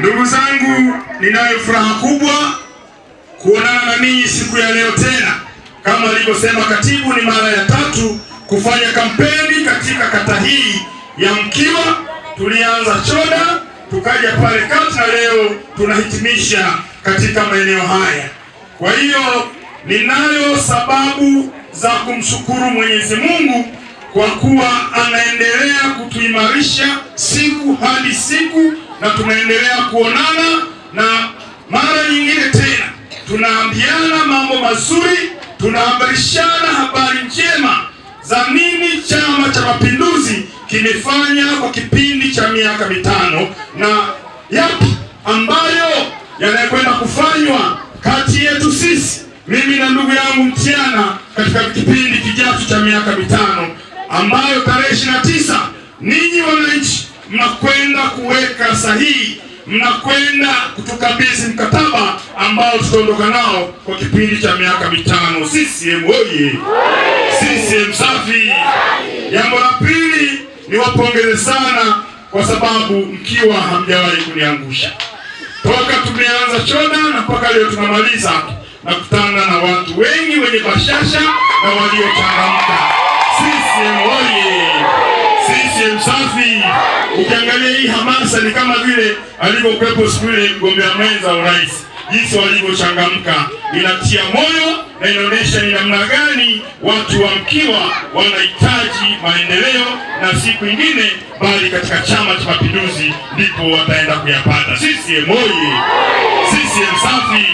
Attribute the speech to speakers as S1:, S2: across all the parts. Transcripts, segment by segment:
S1: Ndugu zangu, ninayo furaha kubwa kuonana na ninyi siku ya leo tena. Kama alivyosema katibu, ni mara ya tatu kufanya kampeni katika kata hii ya Mkiwa. Tulianza Choda, tukaja pale kata na leo tunahitimisha katika maeneo haya. Kwa hiyo ninayo sababu za kumshukuru Mwenyezi Mungu kwa kuwa anaendelea kutuimarisha siku hadi siku na tunaendelea kuonana na mara nyingine tena tunaambiana mambo mazuri, tunahabarishana habari njema za nini Chama cha Mapinduzi kimefanya kwa kipindi cha miaka mitano na yapi ambayo yanayokwenda kufanywa kati yetu sisi, mimi na ndugu yangu Mtiana, katika kipindi kijacho cha miaka mitano ambayo tarehe 29 ninyi wananchi mnakwenda kuweka sahihi, mnakwenda kutukabidhi mkataba ambao tutaondoka nao kwa kipindi cha miaka mitano. CCM oye! CCM safi! Jambo la pili, niwapongeze sana kwa sababu mkiwa hamjawahi kuniangusha toka tumeanza choda na mpaka leo tunamaliza, nakutana na watu wengi wenye bashasha na waliochangamka. CCM oye! CCM safi. Ukiangalia hii hamasa ni kama vile alivyokuwepo siku ile mgombea mwenza urais, jinsi walivyochangamka inatia moyo na inaonyesha ni namna gani watu wa Mkiwa wanahitaji maendeleo, na siku ingine bali katika Chama cha Mapinduzi ndipo wataenda kuyapata. CCM oye! CCM safi.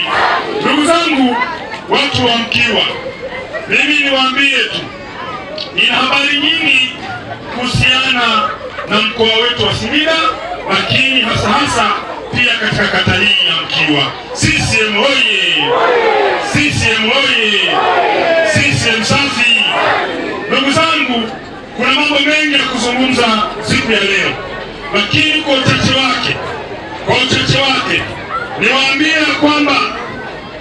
S1: Ndugu zangu, watu wa Mkiwa, mimi niwaambie tu, nina habari nyingi kuhusiana na mkoa wetu wa Singida, lakini hasa hasa pia katika kata hii ya Mkiwa. CCM oye! CCM oye! CCM safi! Ndugu zangu, kuna mambo mengi ya kuzungumza siku ya leo, lakini kwa uchache wake, kwa uchache wake niwaambie kwamba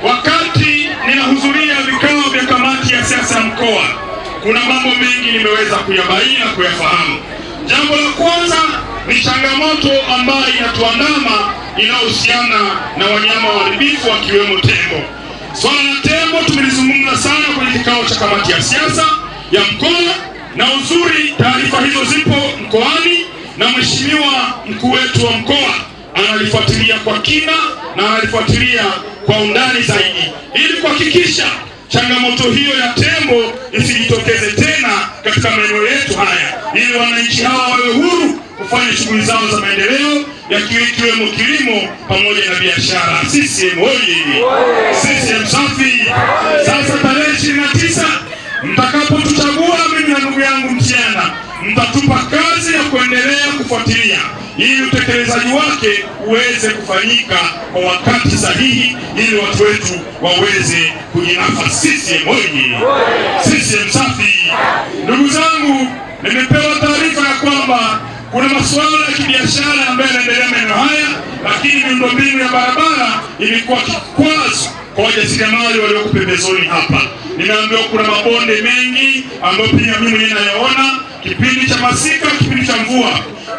S1: wakati ninahudhuria vikao vya kamati ya siasa ya mkoa kuna mambo mengi nimeweza kuyabaini na kuyafahamu. Jambo la kwanza ni changamoto ambayo inatuandama inayohusiana na wanyama waharibifu wakiwemo tembo. Swala la tembo tumelizungumza sana kwenye kikao cha kamati ya siasa ya mkoa, na uzuri taarifa hizo zipo mkoani na mheshimiwa mkuu wetu wa mkoa analifuatilia kwa kina na analifuatilia kwa undani zaidi ili kuhakikisha changamoto hiyo ya tembo isijitokeze tena katika maeneo yetu haya, ili wananchi hawa wawe huru kufanya shughuli zao za maendeleo yakiwemo kilimo pamoja na biashara. CCM oyee! CCM safi! Sasa tarehe ishirini na tisa mtakapotuchagua mimi na ndugu yangu Mtiana, mtatupa kazi ya kuendelea kufuatilia ili utekelezaji wake uweze kufanyika kwa wakati sahihi, ili watu wetu waweze kujinafa. CCM oyee! CCM safi! Ndugu zangu, nimepewa taarifa ya kwamba kuna masuala ya kibiashara ambayo yanaendelea maeneo haya, lakini miundombinu ya barabara imekuwa kikwazo kwa wajasiriamali walioko pembezoni hapa. Nimeambiwa kuna mabonde mengi ambayo pia mimi nayaona Kipindi cha masika, kipindi cha mvua,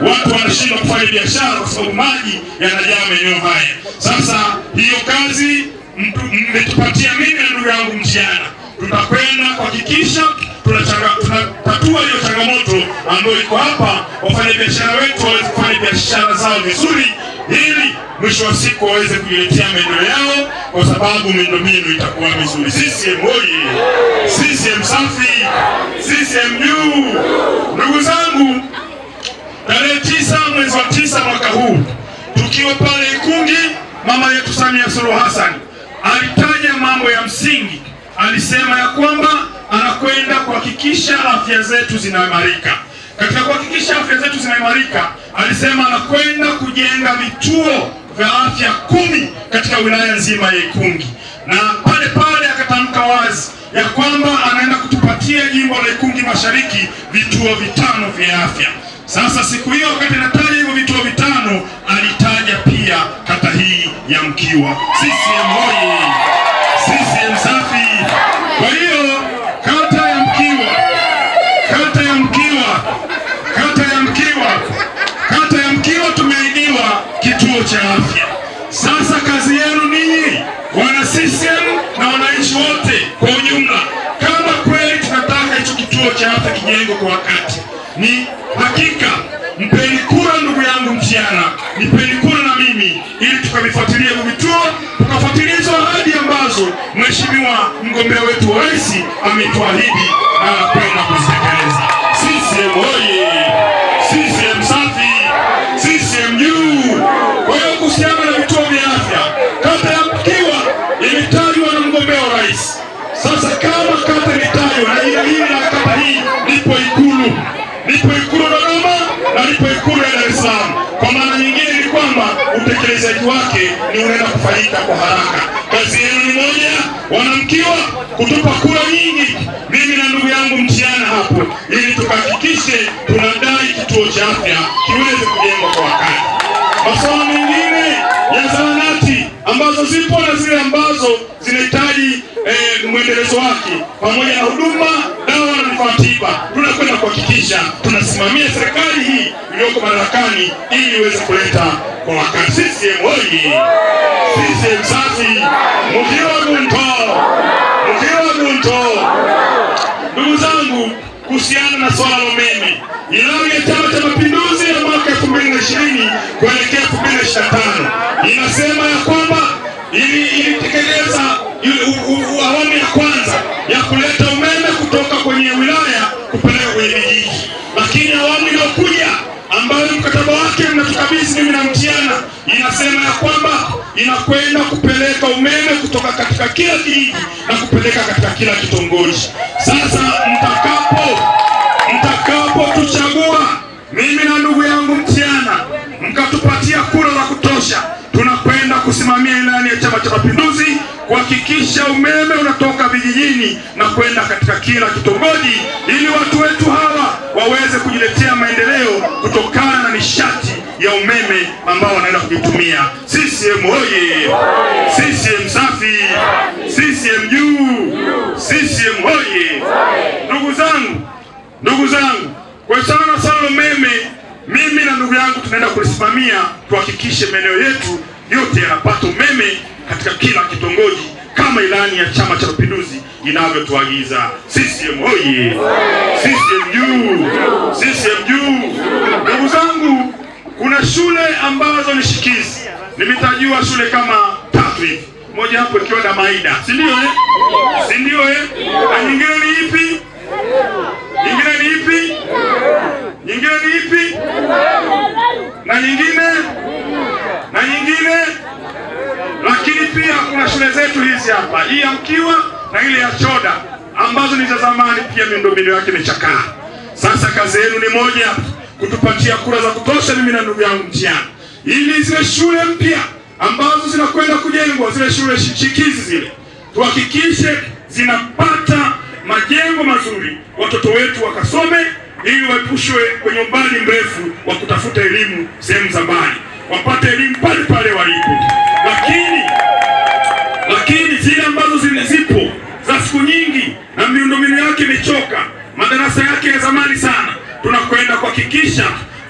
S1: watu wanashindwa kufanya biashara kwa sababu maji yanajaa maeneo haya. Sasa hiyo kazi mmetupatia mimi na ndugu yangu Mchiana, tutakwenda kuhakikisha tunatatua hiyo changamoto ambayo iko hapa, wafanya biashara wetu waweze kufanya biashara zao vizuri ili mwisho wa siku waweze kujiletea maendeleo yao, kwa sababu miundombinu itakuwa mizuri. CCM oye! CCM safi! CCM juu! Ndugu zangu, tarehe tisa mwezi wa tisa mwaka huu tukiwa pale Ikungi, mama yetu Samia Suluhu Hassan alitaja mambo ya msingi. Alisema ya kwamba anakwenda kuhakikisha afya zetu zinaimarika. Katika kuhakikisha afya zetu zinaimarika alisema anakwenda kujenga vituo vya afya kumi katika wilaya nzima ya Ikungi, na pale pale akatamka wazi ya kwamba anaenda kutupatia jimbo la Ikungi Mashariki vituo vitano vya afya. Sasa siku hiyo wakati nataja hivyo vituo vitano, alitaja pia kata hii ya Mkiwa. CCM oyee! cha afya. Sasa kazi yenu ninyi wana CCM na wananchi wote kwa ujumla, kama kweli tunataka hicho kituo cha afya kijengwe kwa wakati, ni hakika mpeni kura ndugu yangu Mtiara, nipeni kura na mimi ili tukavifuatilia hivyo vituo, tukafuatilia hizo ahadi ambazo mheshimiwa mgombea wetu wa rais ametuahidi na kwenda kuzitekeleza. CCM oye! wake ni unaenda kufanyika kwa haraka. Kazi yenu ni moja, Wanamkiwa, kutupa kura nyingi. Mimi na ndugu yangu Mtiana hapo, ili tukahakikishe tunadai kituo cha afya kiweze kujengwa kwa wakati. Masuala mengine ya zahanati ambazo zipo na zile ambazo zinahitaji eh, mwendelezo wake pamoja na huduma dawa na vifaa tiba, tunakwenda kuhakikisha tunasimamia serikali hii iliyoko madarakani ili iweze kuleta kwa wakati. CCM oyi! CCM safi! Mkiwa Gunto, mkiwa Gunto. Ndugu zangu, kuhusiana na swala la umeme, ilani ya Chama cha Mapinduzi tunakwenda kupeleka umeme kutoka katika kila kijiji na kupeleka katika kila kitongoji. Sasa mtakapo tuchagua mimi na ndugu yangu Mtiana mkatupatia kura za kutosha, tunakwenda kusimamia ilani ya Chama cha Mapinduzi kuhakikisha umeme unatoka vijijini na kwenda katika kila kitongoji, ili watu wetu hawa waweze kujiletea maendeleo kutokana na nishati ya umeme ambao wanaenda kujitumia CCM oye CCM safi! CCM juu! CCM oye Ndugu zangu, ndugu zangu, kwa sana la umeme, mimi na ndugu yangu tunaenda kulisimamia, tuhakikishe maeneo yetu yote yanapata umeme katika kila kitongoji kama ilani ya Chama cha Mapinduzi inavyotuagiza. CCM hoye! CCM juu! CCM juu! Ndugu zangu, kuna shule ambazo ni shikizi, nimetajua shule kama tatu hivi, moja hapo ikiwa Damaida, si ndio eh? si ndio eh? na nyingine ni ipi? nyingine ni ipi? nyingine ni ipi? na nyingine na nyingine lakini pia kuna shule zetu hizi hapa, hii ya Mkiwa na ile ya Choda ambazo ni za zamani, pia miundombinu yake imechakaa. Sasa kazi yenu ni moja, kutupatia kura za kutosha, mimi na ndugu yangu Mtiani, ili zile shule mpya ambazo zinakwenda kujengwa, zile shule shikizi zile, tuhakikishe zinapata majengo mazuri, watoto wetu wakasome, ili waepushwe kwenye umbali mrefu wa kutafuta elimu sehemu za mbali, wapate elimu pale pale walipo, lakini lakini zile ambazo zimezipo za siku nyingi na miundombinu yake imechoka, madarasa yake ya zamani sana, tunakwenda kuhakikisha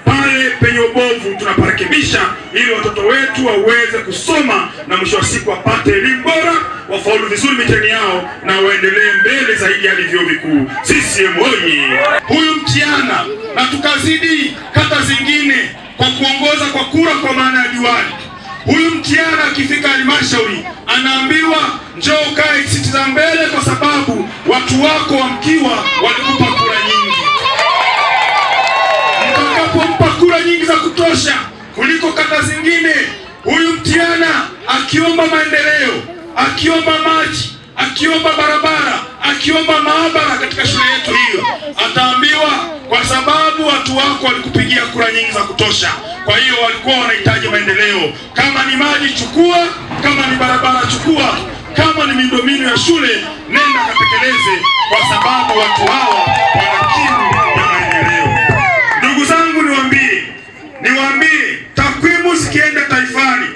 S1: pale penye ubovu tunaparekebisha, ili watoto wetu waweze kusoma na mwisho wa siku wapate elimu bora, wafaulu vizuri mitihani yao na waendelee mbele zaidi hadi vyuo vikuu. CCM oyee! Huyu mtiana na tukazidi kata zingine kwa kuongoza kwa kura, kwa maana ya diwani Huyu mtiana akifika halmashauri anaambiwa njoo kae siti za mbele, kwa sababu watu wako wa Mkiwa walikupa kura nyingi. Mtakapompa kura nyingi za kutosha kuliko kata zingine, huyu mtiana akiomba maendeleo, akiomba maji, akiomba barabara akiomba maabara katika shule yetu hiyo, ataambiwa kwa sababu watu wako walikupigia kura nyingi za kutosha, kwa hiyo walikuwa wanahitaji maendeleo. Kama ni maji chukua, kama ni barabara chukua, kama ni miundombinu ya shule nenda katekeleze, kwa sababu watu hawa wana kiu ya maendeleo. Ndugu zangu, niwaambie niwaambie, takwimu zikienda taifani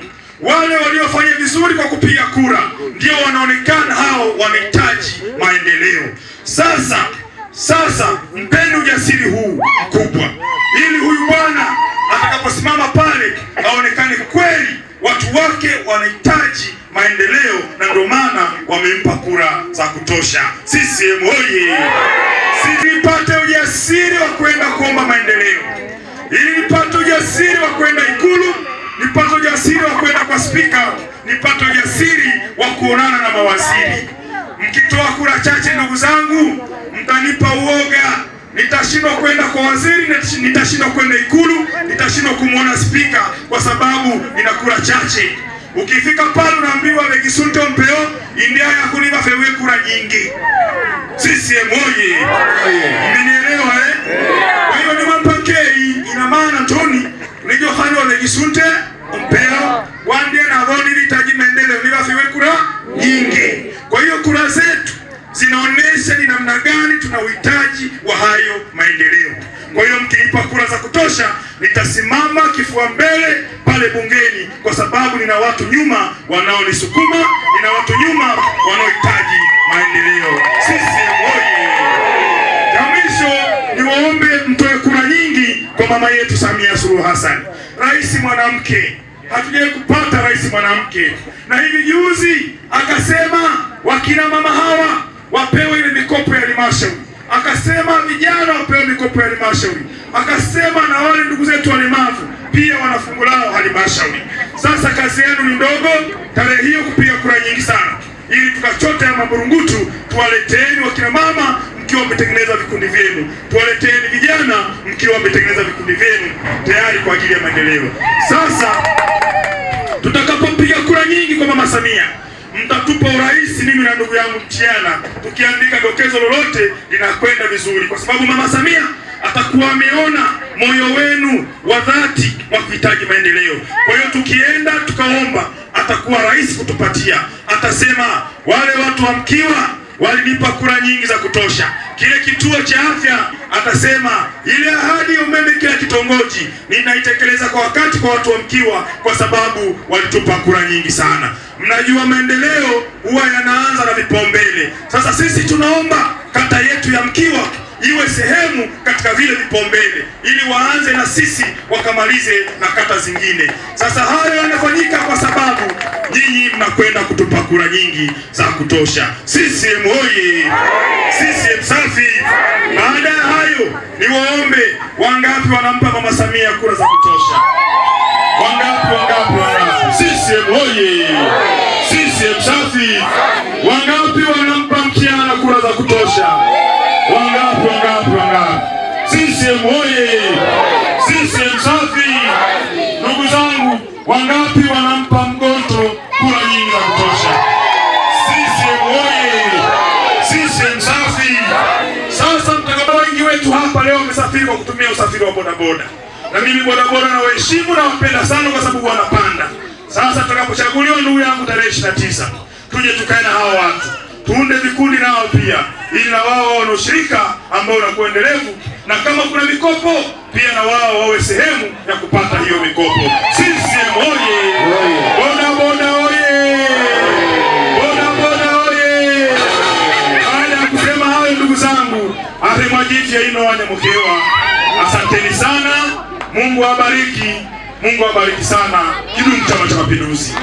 S1: wale waliofanya vizuri kwa kupiga kura ndio wanaonekana hao wamehitaji maendeleo. Sasa sasa, mpeni ujasiri huu mkubwa, ili huyu bwana atakaposimama pale aonekane kweli watu wake wanahitaji maendeleo, na ndio maana wamempa kura za kutosha. CCM oye! Sisi ujasiri wa kwenda kuomba maendeleo, ili nipate ujasiri wa kwenda Ikulu nipate ujasiri wa kwenda kwa spika, nipate ujasiri wa kuonana na mawaziri. Mkitoa kura chache, ndugu zangu, mtanipa uoga nitashindwa kwenda kwa waziri, nitashindwa kwenda Ikulu, nitashindwa kumwona spika kwa sababu nina kura chache. Ukifika pale unaambiwa vekisunto mpeo india ya kuliva fewe kura nyingi. CCM oye! Mmenielewa eh? Kwa hiyo ni mapakei ina maana toni nijohaniwa vekisunte umpeo oh. wandena ambao nilitaji maendeleo nilafiwe kura nyingi. Kwa hiyo kura zetu zinaonesha ni namna gani tuna uhitaji wa hayo maendeleo. Kwa hiyo mkinipa kura za kutosha, nitasimama kifua mbele pale bungeni, kwa sababu nina watu nyuma wanaonisukuma, nina watu nyuma wanaohitaji maendeleo. Sisi oye! Ya mwisho niwaombe mtoe kura nyingi kwa mama yetu Samia Suluhu Hassan, rais mwanamke hatujawahi kupata rais mwanamke, na hivi juzi akasema wakina mama hawa wapewe ile mikopo ya halmashauri, akasema vijana wapewe mikopo ya halmashauri, akasema na wale ndugu zetu walemavu pia wana halimashauri lao halmashauri. Sasa kazi yenu ni ndogo, tarehe hiyo kupiga kura nyingi sana, ili tukachote ya maburungutu, tuwaleteeni wakina mama mkiwa mmetengeneza vikundi vyenu, tuwaleteeni vijana mkiwa mmetengeneza vikundi vyenu tayari kwa ajili ya maendeleo. Sasa tutakapopiga kura nyingi kwa mama Samia, mtatupa urais mimi na ndugu yangu Mchiana, tukiandika dokezo lolote linakwenda vizuri, kwa sababu mama Samia atakuwa ameona moyo wenu wa dhati wa kuhitaji maendeleo. Kwa hiyo tukienda tukaomba, atakuwa rais kutupatia, atasema wale watu wa Mkiwa walinipa kura nyingi za kutosha. Kile kituo cha afya atasema ile ahadi ya umeme kila kitongoji ninaitekeleza kwa wakati kwa watu wa Mkiwa, kwa sababu walitupa kura nyingi sana. Mnajua maendeleo huwa yanaanza na vipaumbele. Sasa sisi tunaomba kata yetu ya Mkiwa iwe sehemu katika vile vipaumbele, ili waanze na sisi wakamalize na kata zingine. Sasa hayo yanafanyika kwa sababu nyinyi mnakwenda kutupa kura nyingi za kutosha. CCM hoye! CCM safi! Baada ya hayo, niwaombe, wangapi wanampa mama Samia kura za kutosha? Wangapi? Wangapi? Wangapi? CCM hoye! CCM safi! Wangapi wanampa Mkiana kura za kutosha? Wangapi wangapi wangapi? CCM oye! CCM safi! Ndugu zangu, wangapi wanampa Mgonto kura nyingi za kutosha? CCM oye! CCM safi! Sasa mtakapo wengi wetu hapa leo wamesafiri kwa kutumia usafiri wa bodaboda, na mimi bodaboda nawaheshimu na wapenda sana kwa sababu wanapanda. Sasa tutakapochaguliwa ndugu yangu tarehe tisa tuje tukae na hawa watu tuunde vikundi nao pia ili na wao wawe na ushirika ambao unakuwa endelevu, na kama kuna mikopo pia na wao wawe sehemu ya kupata hiyo mikopo. Sisi oye! Boda boda oye! Boda boda oye! Baada ya kusema hayo, ndugu zangu, arimwajitiaino wanyamukewa, asanteni sana. Mungu awabariki, Mungu awabariki sana. Kidumu Chama cha Mapinduzi!